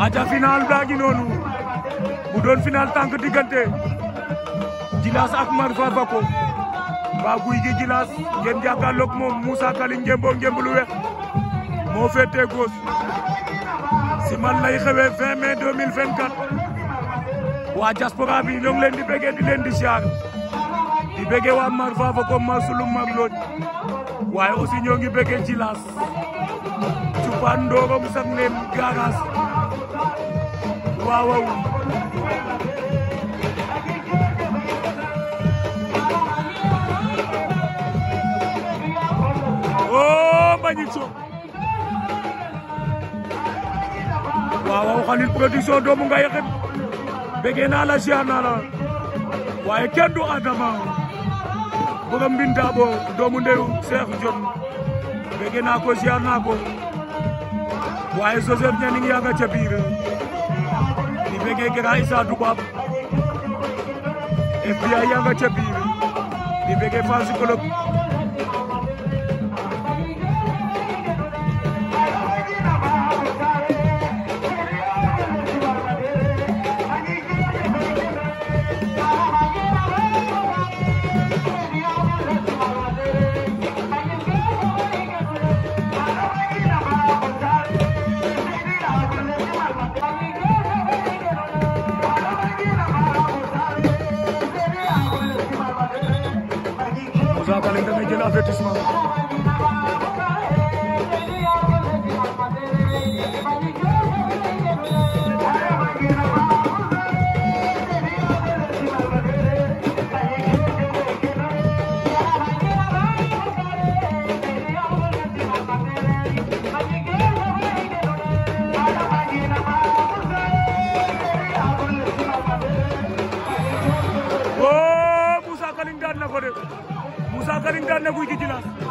Aja final lagi nonu, noonu final tangke digante jelas ak Marfa Bako Mbaa Guy gi Djilass ngeen jàkkaarloog mom musa Kali ngemboo ngemb lu weex moo féetee góos si man lay xewee 20 mai 2024 waa diaspora bi ñoo leen di lendi di leen di siyaar di Marfa Bako Marsulum Mar Lodj aussi ñoo ngi waaw waaw oh Mbagnick Soum waaw waaw Khalil production doomu nga yëkkat la ziar naa la waaye kenn ko ziar naa ko waaye yaa nga ca biir bëggee Grand Issa Toubab FBI yaa nga ca biir di bëggee Fancy Baba Leum da ngay jël avertissement daan na ko de Moussa Kaling daan na Gouye Gui Djilass